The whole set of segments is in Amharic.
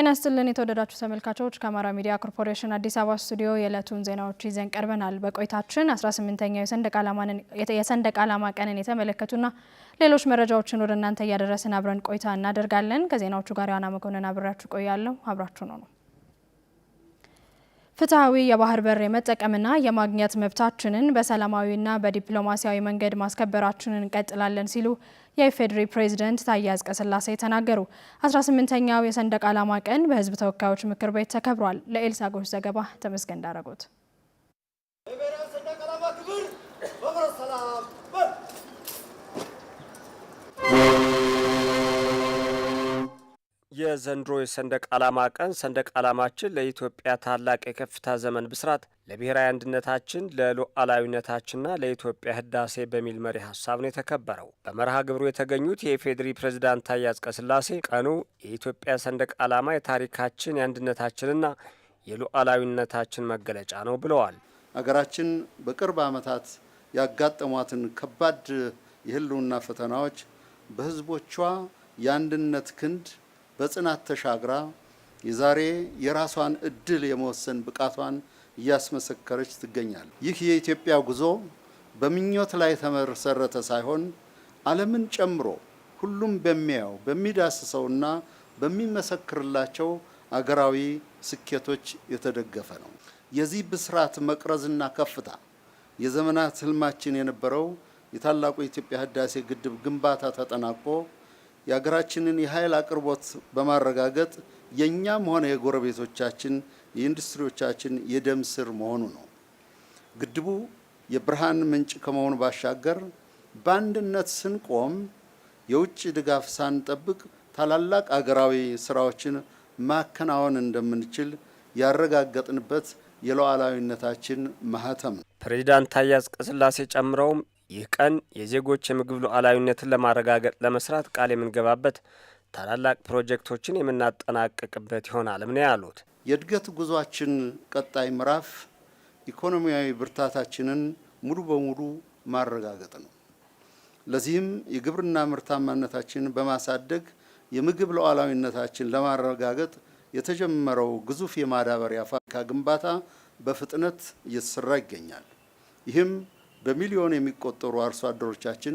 ጤና ይስጥልን የተወደዳችሁ ተመልካቾች፣ ከአማራ ሚዲያ ኮርፖሬሽን አዲስ አበባ ስቱዲዮ የዕለቱን ዜናዎች ይዘን ቀርበናል። በቆይታችን 18ኛው የሰንደቅ ዓላማ ቀንን የተመለከቱና ሌሎች መረጃዎችን ወደ እናንተ እያደረስን አብረን ቆይታ እናደርጋለን። ከዜናዎቹ ጋር የዋና መኮንን አብራችሁ ቆያለሁ። አብራችሁ ነው ነው ፍትሐዊ የባህር በር የመጠቀምና የማግኘት መብታችንን በሰላማዊና በዲፕሎማሲያዊ መንገድ ማስከበራችንን እንቀጥላለን ሲሉ የኢፌዴሪ ፕሬዚደንት ታዬ አጽቀሥላሴ ተናገሩ። 18ኛው የሰንደቅ ዓላማ ቀን በሕዝብ ተወካዮች ምክር ቤት ተከብሯል። ለኤልሳ ጎሽ ዘገባ ተመስገን ዳረጎት። የዘንድሮ የሰንደቅ ዓላማ ቀን ሰንደቅ ዓላማችን ለኢትዮጵያ ታላቅ የከፍታ ዘመን ብስራት፣ ለብሔራዊ አንድነታችን፣ ለሉዓላዊነታችንና ለኢትዮጵያ ህዳሴ በሚል መሪ ሀሳብ ነው የተከበረው። በመርሃ ግብሩ የተገኙት የኢፌዴሪ ፕሬዝዳንት ታዬ አጽቀሥላሴ ቀኑ የኢትዮጵያ ሰንደቅ ዓላማ የታሪካችን የአንድነታችንና የሉዓላዊነታችን መገለጫ ነው ብለዋል። አገራችን በቅርብ ዓመታት ያጋጠሟትን ከባድ የህልውና ፈተናዎች በህዝቦቿ የአንድነት ክንድ በጽናት ተሻግራ የዛሬ የራሷን እድል የመወሰን ብቃቷን እያስመሰከረች ትገኛል። ይህ የኢትዮጵያ ጉዞ በምኞት ላይ የተመሰረተ ሳይሆን ዓለምን ጨምሮ ሁሉም በሚያየው በሚዳስሰውና በሚመሰክርላቸው አገራዊ ስኬቶች የተደገፈ ነው። የዚህ ብስራት መቅረዝና ከፍታ የዘመናት ህልማችን የነበረው የታላቁ የኢትዮጵያ ህዳሴ ግድብ ግንባታ ተጠናቆ የሀገራችንን የኃይል አቅርቦት በማረጋገጥ የእኛም ሆነ የጎረቤቶቻችን የኢንዱስትሪዎቻችን የደም ስር መሆኑ ነው። ግድቡ የብርሃን ምንጭ ከመሆኑ ባሻገር በአንድነት ስንቆም የውጭ ድጋፍ ሳንጠብቅ ታላላቅ አገራዊ ስራዎችን ማከናወን እንደምንችል ያረጋገጥንበት የሉዓላዊነታችን ማህተም ነው። ፕሬዚዳንት ታዬ አጽቀሥላሴ ጨምረውም ይህ ቀን የዜጎች የምግብ ሉዓላዊነትን ለማረጋገጥ ለመስራት ቃል የምንገባበት ታላላቅ ፕሮጀክቶችን የምናጠናቅቅበት ይሆናልም ነው ያሉት። የእድገት ጉዟችን ቀጣይ ምዕራፍ ኢኮኖሚያዊ ብርታታችንን ሙሉ በሙሉ ማረጋገጥ ነው። ለዚህም የግብርና ምርታማነታችንን በማሳደግ የምግብ ሉዓላዊነታችን ለማረጋገጥ የተጀመረው ግዙፍ የማዳበሪያ ፋብሪካ ግንባታ በፍጥነት እየተሰራ ይገኛል። ይህም በሚሊዮን የሚቆጠሩ አርሶ አደሮቻችን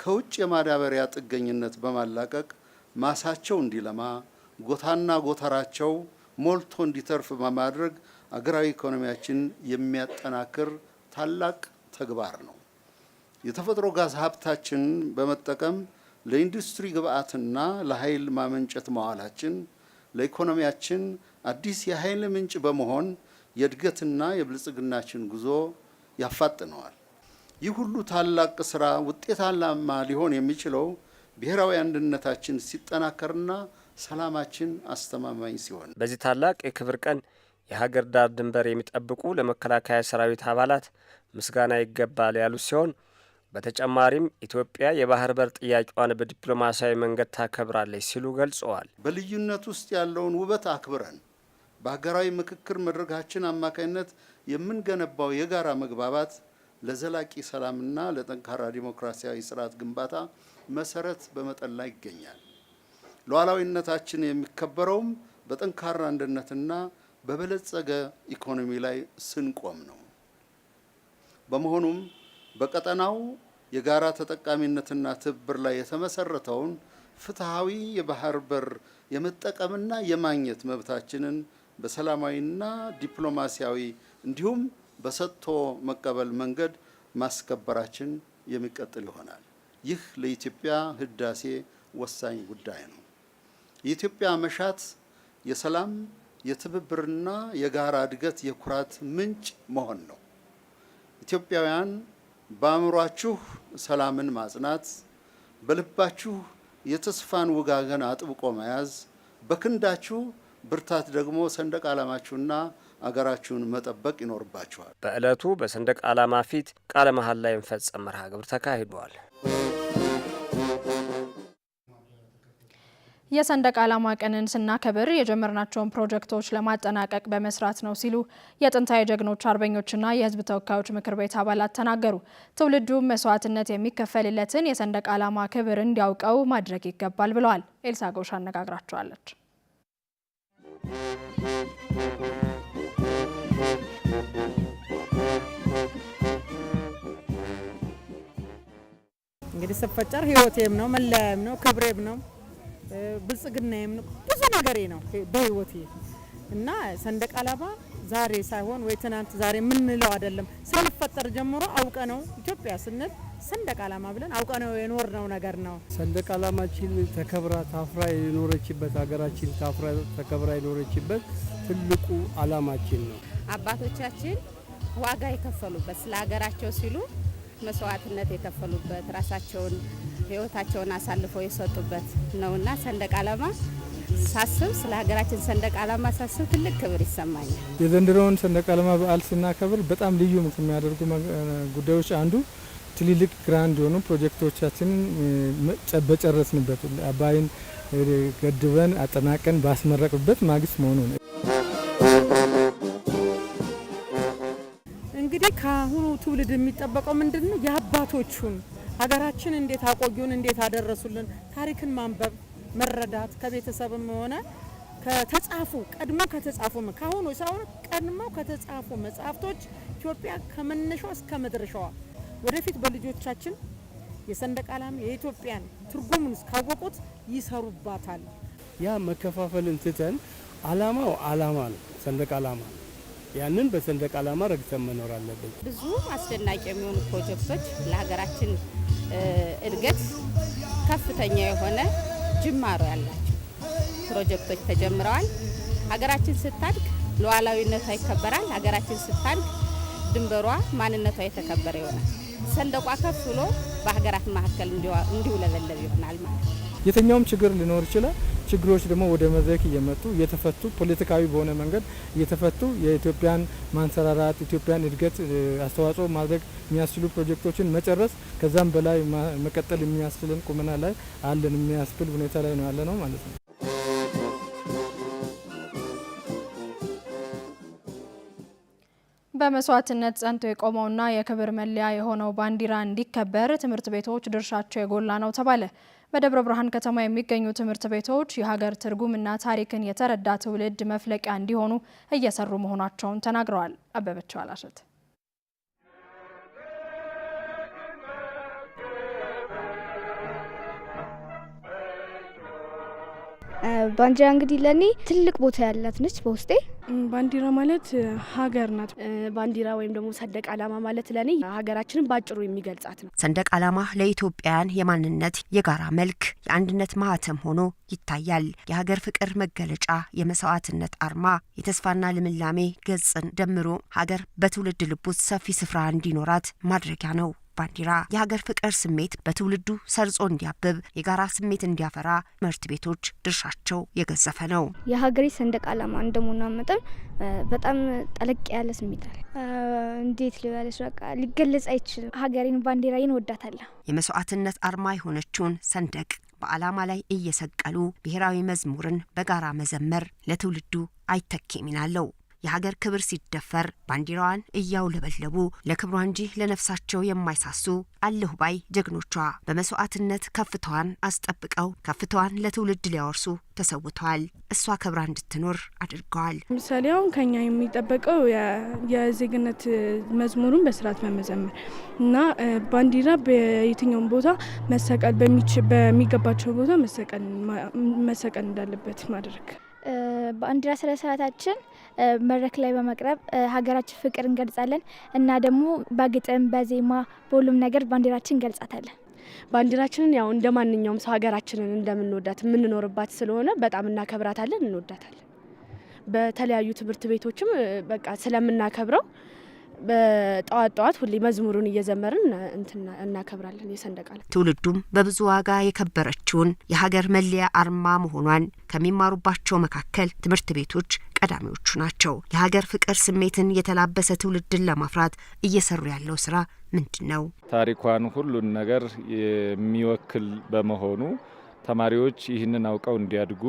ከውጭ የማዳበሪያ ጥገኝነት በማላቀቅ ማሳቸው እንዲለማ ጎታና ጎተራቸው ሞልቶ እንዲተርፍ በማድረግ አገራዊ ኢኮኖሚያችን የሚያጠናክር ታላቅ ተግባር ነው። የተፈጥሮ ጋዝ ሀብታችንን በመጠቀም ለኢንዱስትሪ ግብዓትና ለኃይል ማመንጨት መዋላችን ለኢኮኖሚያችን አዲስ የኃይል ምንጭ በመሆን የእድገትና የብልጽግናችን ጉዞ ያፋጥነዋል። ይህ ሁሉ ታላቅ ስራ ውጤታማ ሊሆን የሚችለው ብሔራዊ አንድነታችን ሲጠናከርና ሰላማችን አስተማማኝ ሲሆን። በዚህ ታላቅ የክብር ቀን የሀገር ዳር ድንበር የሚጠብቁ ለመከላከያ ሰራዊት አባላት ምስጋና ይገባል ያሉ ሲሆን በተጨማሪም ኢትዮጵያ የባህር በር ጥያቄዋን በዲፕሎማሲያዊ መንገድ ታከብራለች ሲሉ ገልጸዋል። በልዩነት ውስጥ ያለውን ውበት አክብረን በሀገራዊ ምክክር መድረካችን አማካኝነት የምንገነባው የጋራ መግባባት ለዘላቂ ሰላምና ለጠንካራ ዲሞክራሲያዊ ስርዓት ግንባታ መሰረት በመጠን ላይ ይገኛል። ሉዓላዊነታችን የሚከበረውም በጠንካራ አንድነትና በበለጸገ ኢኮኖሚ ላይ ስንቆም ነው። በመሆኑም በቀጠናው የጋራ ተጠቃሚነትና ትብብር ላይ የተመሰረተውን ፍትሐዊ የባህር በር የመጠቀምና የማግኘት መብታችንን በሰላማዊና ዲፕሎማሲያዊ እንዲሁም በሰጥቶ መቀበል መንገድ ማስከበራችን የሚቀጥል ይሆናል። ይህ ለኢትዮጵያ ህዳሴ ወሳኝ ጉዳይ ነው። የኢትዮጵያ መሻት የሰላም የትብብርና የጋራ እድገት የኩራት ምንጭ መሆን ነው። ኢትዮጵያውያን በአእምሯችሁ ሰላምን ማጽናት፣ በልባችሁ የተስፋን ውጋገን አጥብቆ መያዝ፣ በክንዳችሁ ብርታት ደግሞ ሰንደቅ ዓላማችሁና አገራችሁን መጠበቅ ይኖርባችኋል። በዕለቱ በሰንደቅ ዓላማ ፊት ቃለ መሐላ የሚፈጸም መርሃ ግብር ተካሂዷል። የሰንደቅ ዓላማ ቀንን ስናከብር የጀመርናቸውን ፕሮጀክቶች ለማጠናቀቅ በመስራት ነው ሲሉ የጥንታዊ ጀግኖች አርበኞችና የሕዝብ ተወካዮች ምክር ቤት አባላት ተናገሩ። ትውልዱ መስዋዕትነት የሚከፈልለትን የሰንደቅ ዓላማ ክብር እንዲያውቀው ማድረግ ይገባል ብለዋል። ኤልሳ ጎሽ አነጋግራቸዋለች። እንግዲህ ስፈጨር ህይወቴም ነው፣ መለያየም ነው፣ ክብሬም ነው፣ ብልጽግናዬም ነው፣ ብዙ ነገሬ ነው በህይወቴ እና ሰንደቅ ዓላማ ዛሬ ሳይሆን ወይ ትናንት ዛሬ የምንለው አይደለም። ስንፈጠር ጀምሮ አውቀ ነው ኢትዮጵያ ስንል ሰንደቅ ዓላማ ብለን አውቀ ነው ነው ነገር ነው። ሰንደቅ ዓላማችን ተከብራ ታፍራ የኖረችበት ሀገራችን ታፍራ ተከብራ የኖረችበት ትልቁ ዓላማችን ነው። አባቶቻችን ዋጋ የከፈሉበት ስለ ሀገራቸው ሲሉ መስዋዕትነት የከፈሉበት ራሳቸውን ህይወታቸውን አሳልፈው የሰጡበት ነውና ሰንደቅ ዓላማ ሳስብ ስለ ሀገራችን ሰንደቅ ዓላማ ሳስብ ትልቅ ክብር ይሰማኛል። የዘንድሮውን ሰንደቅ ዓላማ በዓል ስናከብር በጣም ልዩ ከሚያደርጉ ጉዳዮች አንዱ ትልልቅ ግራንድ የሆኑ ፕሮጀክቶቻችንን በጨረስንበት አባይን ገድበን አጠናቀን ባስመረቅበት ማግስት መሆኑ ነው። እንግዲህ ከአሁኑ ትውልድ የሚጠበቀው ምንድን ነው? የአባቶቹን ሀገራችን እንዴት አቆዩን፣ እንዴት አደረሱልን፣ ታሪክን ማንበብ መረዳት ከቤተሰብም ሆነ ከተጻፉ ቀድሞ ከተጻፉ ካሁኑ ሳይሆን ቀድሞ ከተጻፉ መጽሐፍቶች ኢትዮጵያ ከመነሻዋ እስከ መድረሻዋ ወደፊት በልጆቻችን የሰንደቅ ዓላማ የኢትዮጵያን ትርጉሙን እስካወቁት ይሰሩባታል። ያ መከፋፈልን ትተን ዓላማው ዓላማ ነው፣ ሰንደቅ ዓላማ ያንን በሰንደቅ ዓላማ ረግተን መኖር አለብን። ብዙ አስደናቂ የሚሆኑ ፕሮጀክቶች ለሀገራችን እድገት ከፍተኛ የሆነ ጅማሮ ያላቸው ፕሮጀክቶች ተጀምረዋል። ሀገራችን ስታድግ ሉዓላዊነቷ ይከበራል። ሀገራችን ስታድግ ድንበሯ ማንነቷ የተከበረ ይሆናል። ሰንደቋ ከፍ ብሎ በሀገራት መካከል እንዲውለበለብ ይሆናል ማለት ነው። የትኛውም ችግር ሊኖር ይችላል። ችግሮች ደግሞ ወደ መድረክ እየመጡ እየተፈቱ ፖለቲካዊ በሆነ መንገድ እየተፈቱ የኢትዮጵያን ማንሰራራት ኢትዮጵያን እድገት አስተዋጽኦ ማድረግ የሚያስችሉ ፕሮጀክቶችን መጨረስ ከዛም በላይ መቀጠል የሚያስችልን ቁመና ላይ አለን የሚያስብል ሁኔታ ላይ ነው ያለ ነው ማለት ነው። በመስዋዕትነት ጸንቶ የቆመውና የክብር መለያ የሆነው ባንዲራ እንዲከበር ትምህርት ቤቶች ድርሻቸው የጎላ ነው ተባለ። በደብረ ብርሃን ከተማ የሚገኙ ትምህርት ቤቶች የሀገር ትርጉምና ታሪክን የተረዳ ትውልድ መፍለቂያ እንዲሆኑ እየሰሩ መሆናቸውን ተናግረዋል። አበበቸው አላሸት ባንዲራ እንግዲህ ለእኔ ትልቅ ቦታ ያላት ነች በውስጤ። ባንዲራ ማለት ሀገር ናት። ባንዲራ ወይም ደግሞ ሰንደቅ ዓላማ ማለት ለእኔ ሀገራችንን በአጭሩ የሚገልጻት ነው። ሰንደቅ ዓላማ ለኢትዮጵያውያን የማንነት የጋራ መልክ፣ የአንድነት ማህተም ሆኖ ይታያል። የሀገር ፍቅር መገለጫ፣ የመስዋዕትነት አርማ፣ የተስፋና ልምላሜ ገጽን ደምሮ ሀገር በትውልድ ልቡት ሰፊ ስፍራ እንዲኖራት ማድረጊያ ነው። ባንዲራ የሀገር ፍቅር ስሜት በትውልዱ ሰርጾ እንዲያብብ የጋራ ስሜት እንዲያፈራ ትምህርት ቤቶች ድርሻቸው የገዘፈ ነው። የሀገሬ ሰንደቅ ዓላማ እንደመሆኗ መጠን በጣም ጠለቅ ያለ ስሜት አለ። እንዴት ሊበለሽ በቃ ሊገለጽ አይችልም። ሀገሬን ባንዲራዬን ወዳታለሁ። የመስዋዕትነት አርማ የሆነችውን ሰንደቅ በዓላማ ላይ እየሰቀሉ ብሔራዊ መዝሙርን በጋራ መዘመር ለትውልዱ አይተኬ ሚና አለው። የሀገር ክብር ሲደፈር ባንዲራዋን እያውለበለቡ ለክብሯ እንጂ ለነፍሳቸው የማይሳሱ አለሁ ባይ ጀግኖቿ በመስዋዕትነት ከፍታዋን አስጠብቀው ከፍታዋን ለትውልድ ሊያወርሱ ተሰውተዋል። እሷ ክብራ እንድትኖር አድርገዋል። ምሳሌ አሁን ከኛ የሚጠበቀው የዜግነት መዝሙሩን በስርዓት መመዘመር እና ባንዲራ በየትኛውም ቦታ መሰቀል በሚገባቸው ቦታ መሰቀል እንዳለበት ማድረግ ባንዲራ ስነ ስርዓታችን መድረክ ላይ በመቅረብ ሀገራችን ፍቅር እንገልጻለን እና ደግሞ በግጥም በዜማ በሁሉም ነገር ባንዲራችን እንገልጻታለን። ባንዲራችንን ያው እንደ ማንኛውም ሰው ሀገራችንን እንደምንወዳት የምንኖርባት ስለሆነ በጣም እናከብራታለን፣ እንወዳታለን። በተለያዩ ትምህርት ቤቶችም በቃ ስለምናከብረው በጠዋት ጠዋት ሁሌ መዝሙሩን እየዘመርን እናከብራለን። የሰንደቃል ትውልዱም በብዙ ዋጋ የከበረችውን የሀገር መለያ አርማ መሆኗን ከሚማሩባቸው መካከል ትምህርት ቤቶች ቀዳሚዎቹ ናቸው። የሀገር ፍቅር ስሜትን የተላበሰ ትውልድን ለማፍራት እየሰሩ ያለው ስራ ምንድን ነው? ታሪኳን ሁሉን ነገር የሚወክል በመሆኑ ተማሪዎች ይህንን አውቀው እንዲያድጉ፣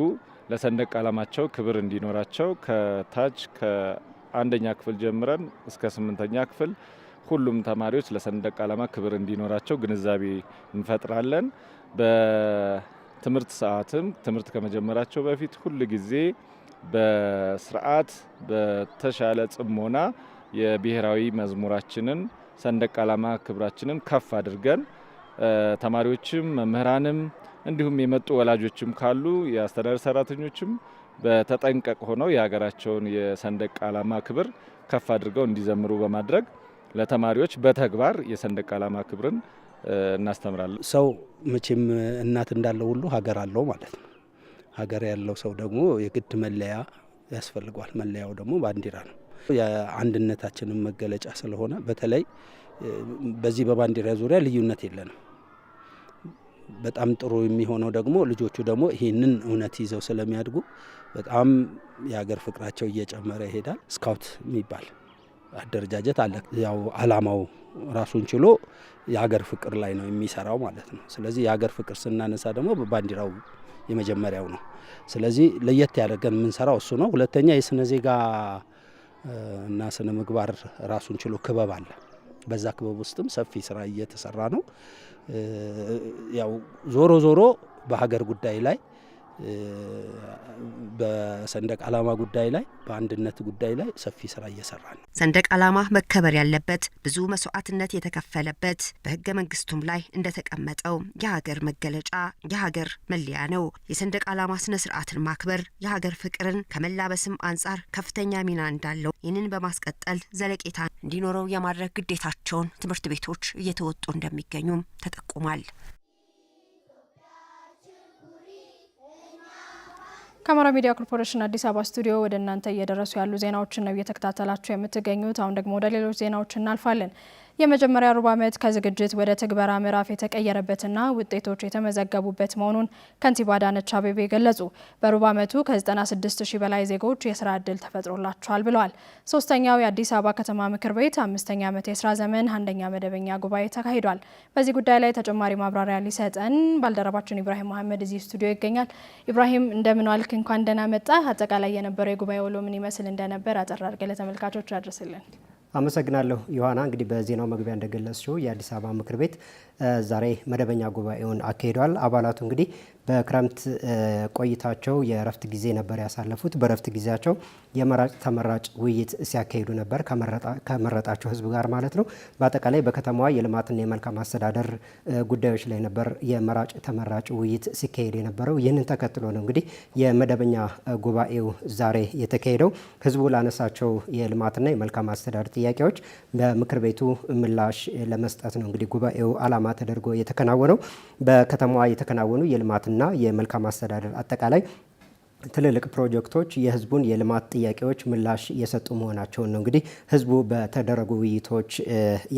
ለሰንደቅ ዓላማቸው ክብር እንዲኖራቸው ከታች አንደኛ ክፍል ጀምረን እስከ ስምንተኛ ክፍል ሁሉም ተማሪዎች ለሰንደቅ ዓላማ ክብር እንዲኖራቸው ግንዛቤ እንፈጥራለን። በትምህርት ሰዓትም ትምህርት ከመጀመራቸው በፊት ሁል ጊዜ በስርዓት በተሻለ ጽሞና የብሔራዊ መዝሙራችንን ሰንደቅ ዓላማ ክብራችንን ከፍ አድርገን ተማሪዎችም መምህራንም እንዲሁም የመጡ ወላጆችም ካሉ የአስተዳደር ሰራተኞችም በተጠንቀቅ ሆነው የሀገራቸውን የሰንደቅ ዓላማ ክብር ከፍ አድርገው እንዲዘምሩ በማድረግ ለተማሪዎች በተግባር የሰንደቅ ዓላማ ክብርን እናስተምራለን። ሰው መቼም እናት እንዳለው ሁሉ ሀገር አለው ማለት ነው። ሀገር ያለው ሰው ደግሞ የግድ መለያ ያስፈልገዋል። መለያው ደግሞ ባንዲራ ነው። የአንድነታችንን መገለጫ ስለሆነ በተለይ በዚህ በባንዲራ ዙሪያ ልዩነት የለንም። በጣም ጥሩ የሚሆነው ደግሞ ልጆቹ ደግሞ ይህንን እውነት ይዘው ስለሚያድጉ በጣም የሀገር ፍቅራቸው እየጨመረ ይሄዳል። ስካውት የሚባል አደረጃጀት አለ። ያው አላማው ራሱን ችሎ የሀገር ፍቅር ላይ ነው የሚሰራው ማለት ነው። ስለዚህ የሀገር ፍቅር ስናነሳ ደግሞ በባንዲራው የመጀመሪያው ነው። ስለዚህ ለየት ያደርገን የምንሰራው እሱ ነው። ሁለተኛ የስነ ዜጋ እና ስነ ምግባር ራሱን ችሎ ክበብ አለ። በዛ ክበብ ውስጥም ሰፊ ስራ እየተሰራ ነው። ያው ዞሮ ዞሮ በሀገር ጉዳይ ላይ በሰንደቅ ዓላማ ጉዳይ ላይ በአንድነት ጉዳይ ላይ ሰፊ ስራ እየሰራ ነው። ሰንደቅ ዓላማ መከበር ያለበት ብዙ መስዋዕትነት የተከፈለበት በህገ መንግስቱም ላይ እንደተቀመጠው የሀገር መገለጫ የሀገር መለያ ነው። የሰንደቅ ዓላማ ስነ ስርዓትን ማክበር የሀገር ፍቅርን ከመላበስም አንጻር ከፍተኛ ሚና እንዳለው፣ ይህንን በማስቀጠል ዘለቄታ እንዲኖረው የማድረግ ግዴታቸውን ትምህርት ቤቶች እየተወጡ እንደሚገኙም ተጠቁሟል። ከአማራ ሚዲያ ኮርፖሬሽን አዲስ አበባ ስቱዲዮ ወደ እናንተ እየደረሱ ያሉ ዜናዎችን ነው እየተከታተላችሁ የምትገኙት። አሁን ደግሞ ወደ ሌሎች ዜናዎች እናልፋለን። የመጀመሪያ ሩብ ዓመት ከዝግጅት ወደ ትግበራ ምዕራፍ የተቀየረበትና ውጤቶች የተመዘገቡበት መሆኑን ከንቲባ አዳነች አቤቤ ገለጹ። በሩብ ዓመቱ ከ96 ሺ በላይ ዜጎች የስራ ዕድል ተፈጥሮላቸዋል ብለዋል። ሶስተኛው የአዲስ አበባ ከተማ ምክር ቤት አምስተኛ ዓመት የስራ ዘመን አንደኛ መደበኛ ጉባኤ ተካሂዷል። በዚህ ጉዳይ ላይ ተጨማሪ ማብራሪያ ሊሰጠን ባልደረባችን ኢብራሂም መሐመድ እዚህ ስቱዲዮ ይገኛል። ኢብራሂም እንደምን ዋልክ? እንኳን ደህና መጣ። አጠቃላይ የነበረው የጉባኤ ውሎ ምን ይመስል እንደነበር አጠር አድርገህ ለተመልካቾች አድርስልን። አመሰግናለሁ ዮሐና። እንግዲህ በዜናው መግቢያ እንደገለጽሽው የአዲስ አበባ ምክር ቤት ዛሬ መደበኛ ጉባኤውን አካሂደዋል። አባላቱ እንግዲህ በክረምት ቆይታቸው የእረፍት ጊዜ ነበር ያሳለፉት። በእረፍት ጊዜያቸው የመራጭ ተመራጭ ውይይት ሲያካሂዱ ነበር ከመረጣቸው ህዝብ ጋር ማለት ነው። በአጠቃላይ በከተማዋ የልማትና የመልካም አስተዳደር ጉዳዮች ላይ ነበር የመራጭ ተመራጭ ውይይት ሲካሄድ የነበረው። ይህንን ተከትሎ ነው እንግዲህ የመደበኛ ጉባኤው ዛሬ የተካሄደው። ህዝቡ ላነሳቸው የልማትና የመልካም አስተዳደር ጥያቄዎች በምክር ቤቱ ምላሽ ለመስጠት ነው እንግዲህ ጉባኤው አላማ ተደርጎ የተከናወነው በከተማዋ የተከናወኑ የልማትና የመልካም አስተዳደር አጠቃላይ ትልልቅ ፕሮጀክቶች የህዝቡን የልማት ጥያቄዎች ምላሽ እየሰጡ መሆናቸውን ነው እንግዲህ ህዝቡ በተደረጉ ውይይቶች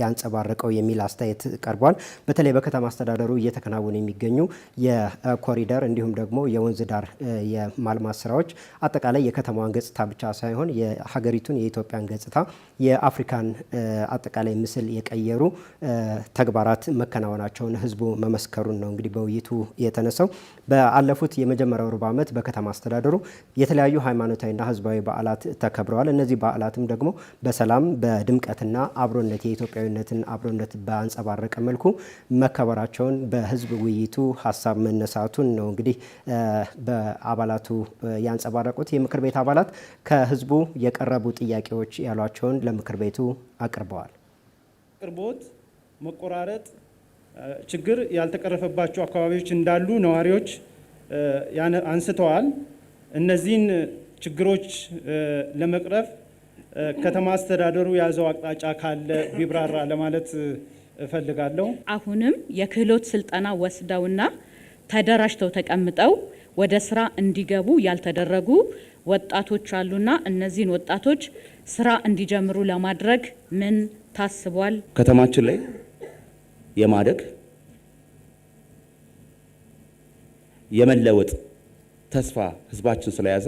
ያንጸባረቀው የሚል አስተያየት ቀርቧል። በተለይ በከተማ አስተዳደሩ እየተከናወኑ የሚገኙ የኮሪደር እንዲሁም ደግሞ የወንዝ ዳር የማልማት ስራዎች አጠቃላይ የከተማዋን ገጽታ ብቻ ሳይሆን የሀገሪቱን የኢትዮጵያን ገጽታ የአፍሪካን አጠቃላይ ምስል የቀየሩ ተግባራት መከናወናቸውን ህዝቡ መመስከሩን ነው እንግዲህ በውይይቱ የተነሳው። በአለፉት የመጀመሪያው ሩብ ዓመት በከተማ አስተዳደሩ የተለያዩ ሃይማኖታዊና ህዝባዊ በዓላት ተከብረዋል። እነዚህ በዓላትም ደግሞ በሰላም በድምቀትና አብሮነት የኢትዮጵያዊነትን አብሮነት በአንጸባረቀ መልኩ መከበራቸውን በህዝብ ውይይቱ ሀሳብ መነሳቱን ነው እንግዲህ በአባላቱ ያንጸባረቁት። የምክር ቤት አባላት ከህዝቡ የቀረቡ ጥያቄዎች ያሏቸውን ለምክር ቤቱ አቅርበዋል። አቅርቦት መቆራረጥ ችግር ያልተቀረፈባቸው አካባቢዎች እንዳሉ ነዋሪዎች አንስተዋል። እነዚህን ችግሮች ለመቅረፍ ከተማ አስተዳደሩ የያዘው አቅጣጫ ካለ ቢብራራ ለማለት እፈልጋለሁ። አሁንም የክህሎት ስልጠና ወስደውና ተደራጅተው ተቀምጠው ወደ ስራ እንዲገቡ ያልተደረጉ ወጣቶች አሉና እነዚህን ወጣቶች ስራ እንዲጀምሩ ለማድረግ ምን ታስቧል? ከተማችን ላይ የማደግ የመለወጥ ተስፋ ህዝባችን ስለያዘ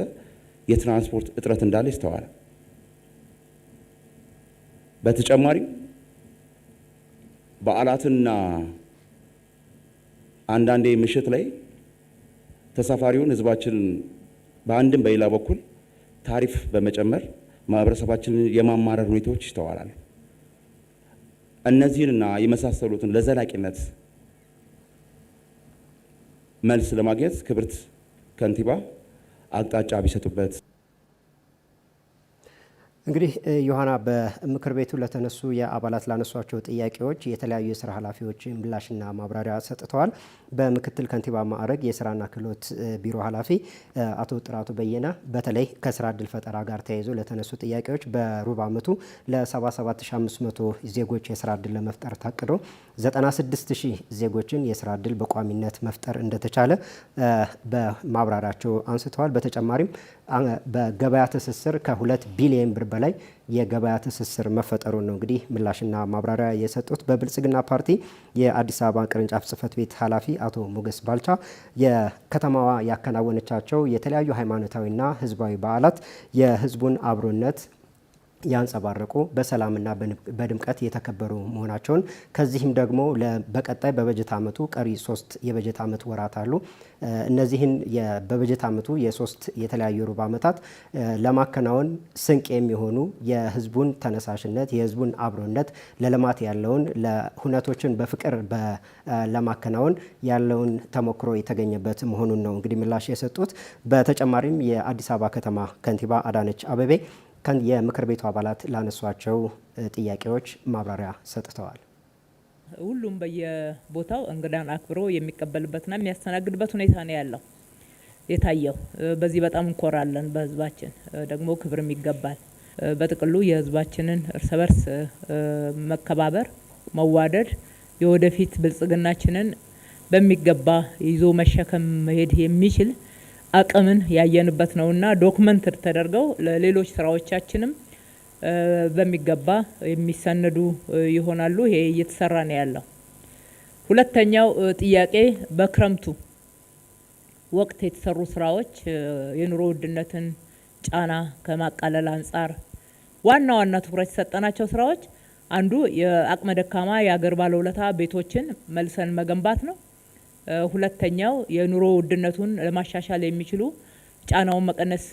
የትራንስፖርት እጥረት እንዳለ ይስተዋላል። በተጨማሪም በዓላትና አንዳንዴ ምሽት ላይ ተሳፋሪውን ህዝባችንን በአንድም በሌላ በኩል ታሪፍ በመጨመር ማህበረሰባችንን የማማረር ሁኔታዎች ይስተዋላል። እነዚህንና የመሳሰሉትን ለዘላቂነት መልስ ለማግኘት ክብርት ከንቲባ አቅጣጫ ቢሰጡበት። እንግዲህ ዮሐና በምክር ቤቱ ለተነሱ የአባላት ላነሷቸው ጥያቄዎች የተለያዩ የስራ ኃላፊዎች ምላሽና ማብራሪያ ሰጥተዋል። በምክትል ከንቲባ ማዕረግ የስራና ክህሎት ቢሮ ኃላፊ አቶ ጥራቱ በየነ በተለይ ከስራ እድል ፈጠራ ጋር ተያይዞ ለተነሱ ጥያቄዎች በሩብ ዓመቱ ለ77500 ዜጎች የስራ እድል ለመፍጠር ታቅዶ 96 ሺህ ዜጎችን የስራ እድል በቋሚነት መፍጠር እንደተቻለ በማብራሪያቸው አንስተዋል። በተጨማሪም በገበያ ትስስር ከሁለት ቢሊየን ብር በላይ የገበያ ትስስር መፈጠሩን ነው እንግዲህ ምላሽና ማብራሪያ የሰጡት። በብልጽግና ፓርቲ የአዲስ አበባ ቅርንጫፍ ጽህፈት ቤት ኃላፊ አቶ ሞገስ ባልቻ የከተማዋ ያከናወነቻቸው የተለያዩ ሃይማኖታዊና ህዝባዊ በዓላት የህዝቡን አብሮነት ያንጸባረቁ በሰላምና በድምቀት የተከበሩ መሆናቸውን ከዚህም ደግሞ በቀጣይ በበጀት ዓመቱ ቀሪ ሶስት የበጀት ዓመት ወራት አሉ። እነዚህን በበጀት ዓመቱ የሶስት የተለያዩ ሩብ ዓመታት ለማከናወን ስንቅ የሚሆኑ የህዝቡን ተነሳሽነት የህዝቡን አብሮነት ለልማት ያለውን ለሁነቶችን በፍቅር ለማከናወን ያለውን ተሞክሮ የተገኘበት መሆኑን ነው እንግዲህ ምላሽ የሰጡት። በተጨማሪም የአዲስ አበባ ከተማ ከንቲባ አዳነች አበቤ የምክር ቤቱ አባላት ላነሷቸው ጥያቄዎች ማብራሪያ ሰጥተዋል። ሁሉም በየቦታው እንግዳን አክብሮ የሚቀበልበትና የሚያስተናግድበት ሁኔታ ነው ያለው የታየው። በዚህ በጣም እንኮራለን። በህዝባችን ደግሞ ክብርም ይገባል። በጥቅሉ የህዝባችንን እርስ በርስ መከባበር፣ መዋደድ የወደፊት ብልጽግናችንን በሚገባ ይዞ መሸከም መሄድ የሚችል አቅምን ያየንበት ነውና ዶክመንት ተደርገው ለሌሎች ስራዎቻችንም በሚገባ የሚሰነዱ ይሆናሉ። ይሄ እየተሰራ ነው ያለው። ሁለተኛው ጥያቄ በክረምቱ ወቅት የተሰሩ ስራዎች የኑሮ ውድነትን ጫና ከማቃለል አንጻር ዋና ዋና ትኩረት የሰጠናቸው ስራዎች አንዱ የአቅመ ደካማ የአገር ባለውለታ ቤቶችን መልሰን መገንባት ነው። ሁለተኛው የኑሮ ውድነቱን ለማሻሻል የሚችሉ ጫናውን መቀነስ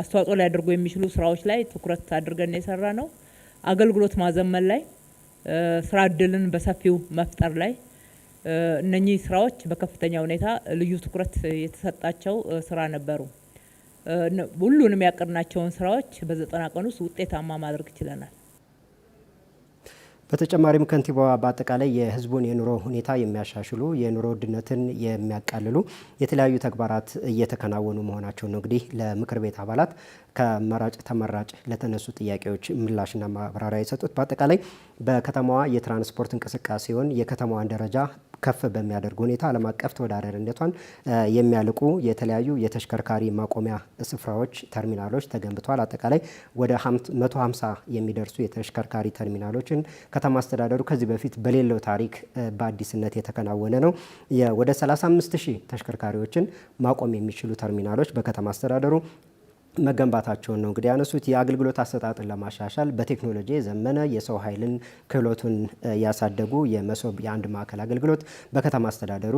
አስተዋጽኦ ሊያደርጉ የሚችሉ ስራዎች ላይ ትኩረት አድርገን የሰራ ነው። አገልግሎት ማዘመን ላይ፣ ስራ እድልን በሰፊው መፍጠር ላይ እነኚህ ስራዎች በከፍተኛ ሁኔታ ልዩ ትኩረት የተሰጣቸው ስራ ነበሩ። ሁሉንም ያቀድናቸውን ስራዎች በዘጠና ቀን ውስጥ ውጤታማ ማድረግ ችለናል። በተጨማሪም ከንቲባዋ በአጠቃላይ የህዝቡን የኑሮ ሁኔታ የሚያሻሽሉ የኑሮ ውድነትን የሚያቃልሉ የተለያዩ ተግባራት እየተከናወኑ መሆናቸው ነው እንግዲህ ለምክር ቤት አባላት ከመራጭ ተመራጭ ለተነሱ ጥያቄዎች ምላሽና ማብራሪያ የሰጡት። በአጠቃላይ በከተማዋ የትራንስፖርት እንቅስቃሴውን የከተማዋን ደረጃ ከፍ በሚያደርግ ሁኔታ ዓለም አቀፍ ተወዳዳሪነቷን የሚያልቁ የተለያዩ የተሽከርካሪ ማቆሚያ ስፍራዎች፣ ተርሚናሎች ተገንብተዋል። አጠቃላይ ወደ 150 የሚደርሱ የተሽከርካሪ ተርሚናሎችን ከተማ አስተዳደሩ ከዚህ በፊት በሌለው ታሪክ በአዲስነት የተከናወነ ነው። ወደ 35 ሺህ ተሽከርካሪዎችን ማቆም የሚችሉ ተርሚናሎች በከተማ አስተዳደሩ መገንባታቸውን ነው እንግዲህ ያነሱት። የአገልግሎት አሰጣጥን ለማሻሻል በቴክኖሎጂ የዘመነ የሰው ኃይልን ክህሎቱን ያሳደጉ የመሶብ የአንድ ማዕከል አገልግሎት በከተማ አስተዳደሩ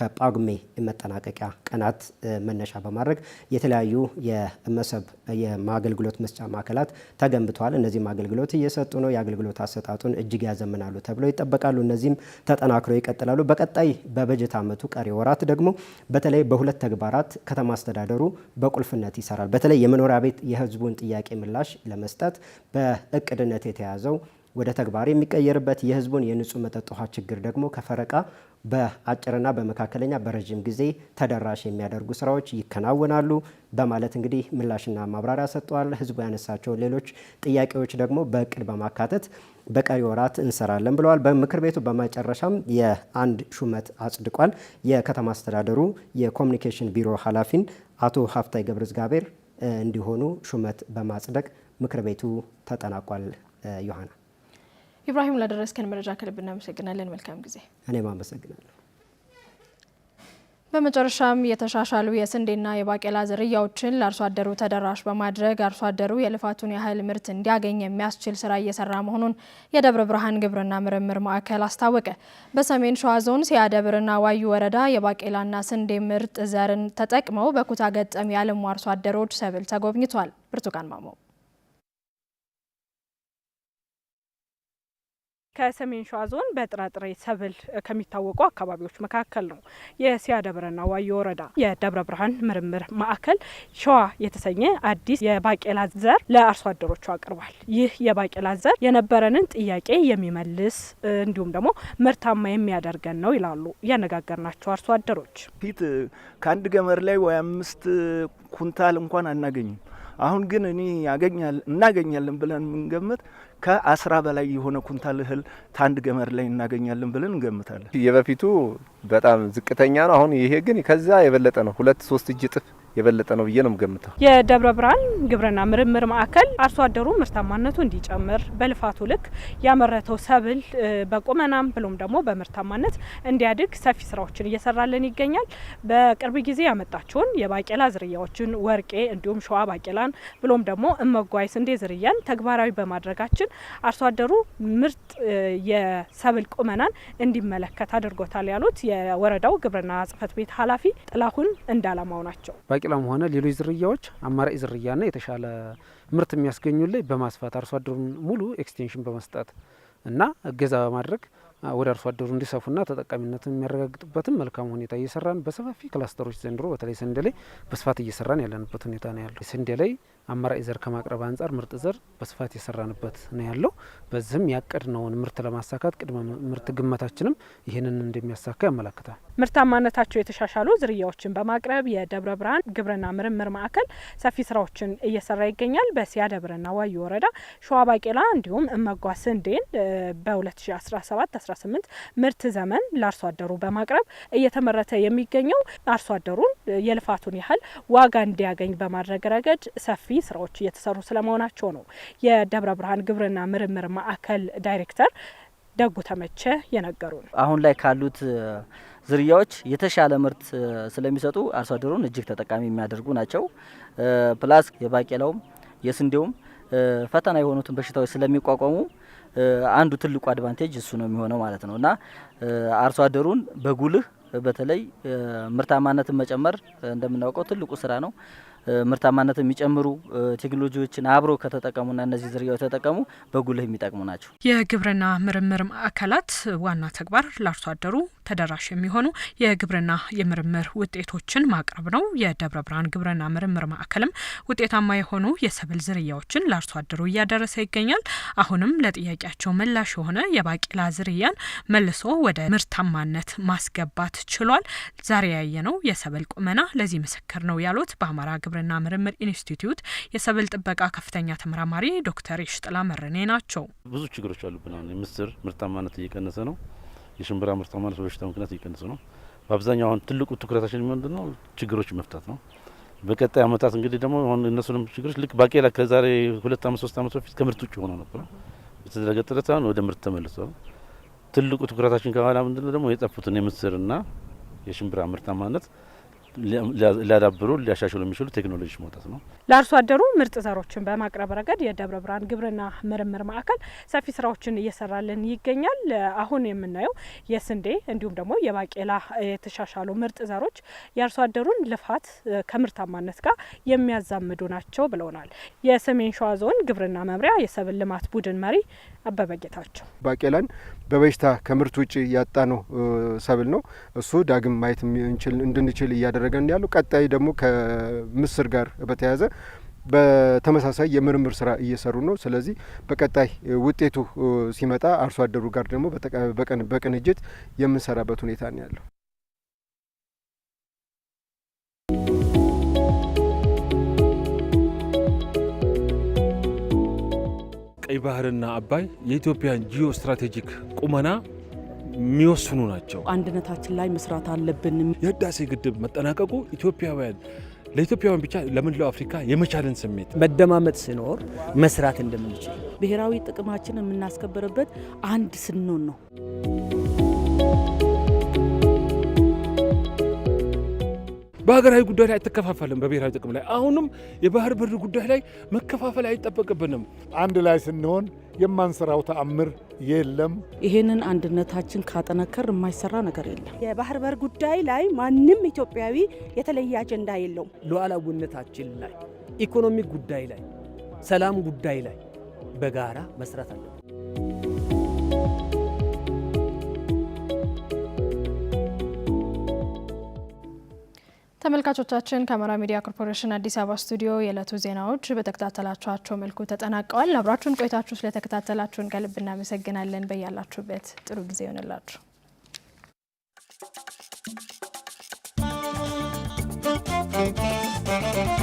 ከጳጉሜ መጠናቀቂያ ቀናት መነሻ በማድረግ የተለያዩ የመሶብ የአገልግሎት መስጫ ማዕከላት ተገንብተዋል። እነዚህም አገልግሎት እየሰጡ ነው። የአገልግሎት አሰጣጡን እጅግ ያዘምናሉ ተብሎ ይጠበቃሉ። እነዚህም ተጠናክረው ይቀጥላሉ። በቀጣይ በበጀት ዓመቱ ቀሪ ወራት ደግሞ በተለይ በሁለት ተግባራት ከተማ አስተዳደሩ በቁልፍነት ይሰራል። በተለይ በተለይ የመኖሪያ ቤት የህዝቡን ጥያቄ ምላሽ ለመስጠት በእቅድነት የተያዘው ወደ ተግባር የሚቀየርበት የህዝቡን የንጹህ መጠጥ ውሃ ችግር ደግሞ ከፈረቃ በአጭርና በመካከለኛ በረዥም ጊዜ ተደራሽ የሚያደርጉ ስራዎች ይከናወናሉ በማለት እንግዲህ ምላሽና ማብራሪያ ሰጥተዋል። ህዝቡ ያነሳቸውን ሌሎች ጥያቄዎች ደግሞ በእቅድ በማካተት በቀሪ ወራት እንሰራለን ብለዋል። በምክር ቤቱ በመጨረሻም የአንድ ሹመት አጽድቋል። የከተማ አስተዳደሩ የኮሚኒኬሽን ቢሮ ኃላፊን አቶ ሀፍታይ ገብረ እግዚአብሔር እንዲሆኑ ሹመት በማጽደቅ ምክር ቤቱ ተጠናቋል። ዮሐና ኢብራሂም፣ ላደረስከን መረጃ ከልብ እናመሰግናለን። መልካም ጊዜ። እኔም አመሰግናለሁ። በመጨረሻም የተሻሻሉ የስንዴና የባቄላ ዝርያዎችን ለአርሶ አደሩ ተደራሽ በማድረግ አርሶ አደሩ የልፋቱን ያህል ምርት እንዲያገኝ የሚያስችል ስራ እየሰራ መሆኑን የደብረ ብርሃን ግብርና ምርምር ማዕከል አስታወቀ። በሰሜን ሸዋ ዞን ሲያደብርና ዋዩ ወረዳ የባቄላና ስንዴ ምርጥ ዘርን ተጠቅመው በኩታ ገጠም ያለሙ አርሶ አደሮች ሰብል ተጎብኝቷል። ብርቱካን ማሞው ከሰሜን ሸዋ ዞን በጥራጥሬ ሰብል ከሚታወቁ አካባቢዎች መካከል ነው። የሲያ ደብረና ዋዮ ወረዳ የደብረ ብርሃን ምርምር ማዕከል ሸዋ የተሰኘ አዲስ የባቄላ ዘር ለአርሶ አደሮቹ አቅርቧል። ይህ የባቄላ ዘር የነበረንን ጥያቄ የሚመልስ እንዲሁም ደግሞ ምርታማ የሚያደርገን ነው ይላሉ ያነጋገርናቸው አርሶ አደሮች። ፊት ከአንድ ገመር ላይ ወይ አምስት ኩንታል እንኳን አናገኝም። አሁን ግን እኔ እናገኛለን ብለን የምንገምት ከአስራ በላይ የሆነ ኩንታል እህል ታንድ ገመድ ላይ እናገኛለን ብለን እንገምታለን። የበፊቱ በጣም ዝቅተኛ ነው። አሁን ይሄ ግን ከዛ የበለጠ ነው። ሁለት ሶስት እጅ እጥፍ የበለጠ ነው ብዬ ነው የምገምተው። የደብረ ብርሃን ግብርና ምርምር ማዕከል አርሶ አደሩ ምርታማነቱ እንዲጨምር በልፋቱ ልክ ያመረተው ሰብል በቁመናም ብሎም ደግሞ በምርታማነት እንዲያድግ ሰፊ ስራዎችን እየሰራልን ይገኛል። በቅርብ ጊዜ ያመጣችውን የባቄላ ዝርያዎችን ወርቄ፣ እንዲሁም ሸዋ ባቄላን ብሎም ደግሞ እመጓይ ስንዴ ዝርያን ተግባራዊ በማድረጋችን አርሶ አደሩ ምርጥ የሰብል ቁመናን እንዲመለከት አድርጎታል ያሉት የወረዳው ግብርና ጽህፈት ቤት ኃላፊ ጥላሁን እንዳላማው ናቸው። ባቄላም ሆነ ሌሎች ዝርያዎች አማራጭ ዝርያና የተሻለ ምርት የሚያስገኙልኝ በማስፋት አርሶ አደሩን ሙሉ ኤክስቴንሽን በመስጠት እና እገዛ በማድረግ ወደ አርሶ አደሩ እንዲሰፉና ተጠቃሚነትን የሚያረጋግጥበትም መልካም ሁኔታ እየሰራን በሰፋፊ ክላስተሮች ዘንድሮ በተለይ ስንዴ ላይ በስፋት እየሰራን ያለንበት ሁኔታ ነው ያለው። ስንዴ ላይ አማራጭ ዘር ከማቅረብ አንጻር ምርጥ ዘር በስፋት የሰራንበት ነው ያለው። በዚህም ያቀድነውን ምርት ለማሳካት ቅድመ ምርት ግመታችንም ይህንን እንደሚያሳካ ያመለክታል። ምርታማነታቸው የተሻሻሉ ዝርያዎችን በማቅረብ የደብረ ብርሃን ግብርና ምርምር ማዕከል ሰፊ ስራዎችን እየሰራ ይገኛል። በሲያ ደብረና ዋዩ ወረዳ ሸዋ ባቄላ እንዲሁም እመጓ ስንዴን በ2017/18 ምርት ዘመን ለአርሶ አደሩ በማቅረብ እየተመረተ የሚገኘው አርሶ አደሩን የልፋቱን ያህል ዋጋ እንዲያገኝ በማድረግ ረገድ ሰፊ ስራዎች እየተሰሩ ስለመሆናቸው ነው የደብረ ብርሃን ግብርና ምርምር ማዕከል ዳይሬክተር ደጉ ተመቸ የነገሩን። አሁን ላይ ካሉት ዝርያዎች የተሻለ ምርት ስለሚሰጡ አርሶ አደሩን እጅግ ተጠቃሚ የሚያደርጉ ናቸው። ፕላስ የባቄላውም የስንዴውም ፈተና የሆኑትን በሽታዎች ስለሚቋቋሙ አንዱ ትልቁ አድቫንቴጅ እሱ ነው የሚሆነው ማለት ነው እና አርሶ አደሩን በጉልህ በተለይ ምርታማነትን መጨመር እንደምናውቀው ትልቁ ስራ ነው። ምርታማነት የሚጨምሩ ቴክኖሎጂዎችን አብሮ ከተጠቀሙና እነዚህ ዝርያ የተጠቀሙ በጉልህ የሚጠቅሙ ናቸው። የግብርና ምርምር ማዕከላት ዋና ተግባር ለአርሶ አደሩ ተደራሽ የሚሆኑ የግብርና የምርምር ውጤቶችን ማቅረብ ነው። የደብረ ብርሃን ግብርና ምርምር ማዕከልም ውጤታማ የሆኑ የሰብል ዝርያዎችን ለአርሶ አደሩ እያደረሰ ይገኛል። አሁንም ለጥያቄያቸው ምላሽ የሆነ የባቄላ ዝርያን መልሶ ወደ ምርታማነት ማስገባት ችሏል። ዛሬ ያየነው የሰብል ቁመና ለዚህ ምስክር ነው ያሉት በአማራ ግብር ግብርና ምርምር ኢንስቲትዩት የሰብል ጥበቃ ከፍተኛ ተመራማሪ ዶክተር ይሽጥላ መረኔ ናቸው። ብዙ ችግሮች አሉብን። አሁን የምስር ምርታማነት እየቀነሰ ነው። የሽምብራ ምርታማነት በበሽታ ምክንያት እየቀነሰ ነው። በአብዛኛው አሁን ትልቁ ትኩረታችን ምንድን ነው? ችግሮች መፍታት ነው። በቀጣይ አመታት እንግዲህ ደግሞ አሁን እነሱንም ችግሮች ልክ ባቄላ ከዛሬ ሁለት አመት ሶስት አመት በፊት ከምርት ውጭ ሆኖ ነበረ በተደረገ ጥረት አሁን ወደ ምርት ተመልሷል። ትልቁ ትኩረታችን ከኋላ ምንድነው ደግሞ የጠፉትን የምስርና የሽምብራ ምርታማነት ሊያዳብሩ ሊያሻሽሉ የሚችሉ ቴክኖሎጂዎች መውጣት ነው። ለአርሶ አደሩ ምርጥ ዘሮችን በማቅረብ ረገድ የደብረ ብርሃን ግብርና ምርምር ማዕከል ሰፊ ስራዎችን እየሰራልን ይገኛል። አሁን የምናየው የስንዴ እንዲሁም ደግሞ የባቄላ የተሻሻሉ ምርጥ ዘሮች የአርሶ አደሩን ልፋት ከምርታማነት ጋር የሚያዛምዱ ናቸው ብለውናል። የሰሜን ሸዋ ዞን ግብርና መምሪያ የሰብል ልማት ቡድን መሪ አበበ ጌታቸው። ባቄላን በበሽታ ከምርት ውጭ ያጣ ነው ሰብል ነው እሱ ዳግም ማየት እንድንችል እያደረገን ያለው። ቀጣይ ደግሞ ከምስር ጋር በተያያዘ በተመሳሳይ የምርምር ስራ እየሰሩ ነው። ስለዚህ በቀጣይ ውጤቱ ሲመጣ አርሶ አደሩ ጋር ደግሞ በቅንጅት የምንሰራበት ሁኔታ ነው ያለው። ቀይ ባህርና አባይ የኢትዮጵያን ጂኦ ስትራቴጂክ ቁመና የሚወስኑ ናቸው። አንድነታችን ላይ መስራት አለብን። የህዳሴ ግድብ መጠናቀቁ ኢትዮጵያውያን ለኢትዮጵያውያን ብቻ ለመላው አፍሪካ የመቻልን ስሜት መደማመጥ ሲኖር መስራት እንደምንችል ብሔራዊ ጥቅማችን የምናስከብርበት አንድ ስንሆን ነው። በሀገራዊ ጉዳይ ላይ አይተከፋፈልም። በብሔራዊ ጥቅም ላይ አሁንም የባህር በር ጉዳይ ላይ መከፋፈል አይጠበቅብንም። አንድ ላይ ስንሆን የማንሰራው ተአምር የለም። ይህንን አንድነታችን ካጠነከር የማይሰራ ነገር የለም። የባህር በር ጉዳይ ላይ ማንም ኢትዮጵያዊ የተለየ አጀንዳ የለውም። ሉዓላዊነታችን ላይ፣ ኢኮኖሚ ጉዳይ ላይ፣ ሰላም ጉዳይ ላይ በጋራ መስራት አለብን። ተመልካቾቻችን ከአማራ ሚዲያ ኮርፖሬሽን አዲስ አበባ ስቱዲዮ የዕለቱ ዜናዎች በተከታተላችኋቸው መልኩ ተጠናቀዋል። አብራችሁን ቆይታችሁ ስለተከታተላችሁን ከልብ እናመሰግናለን። በያላችሁበት ጥሩ ጊዜ ይሆንላችሁ።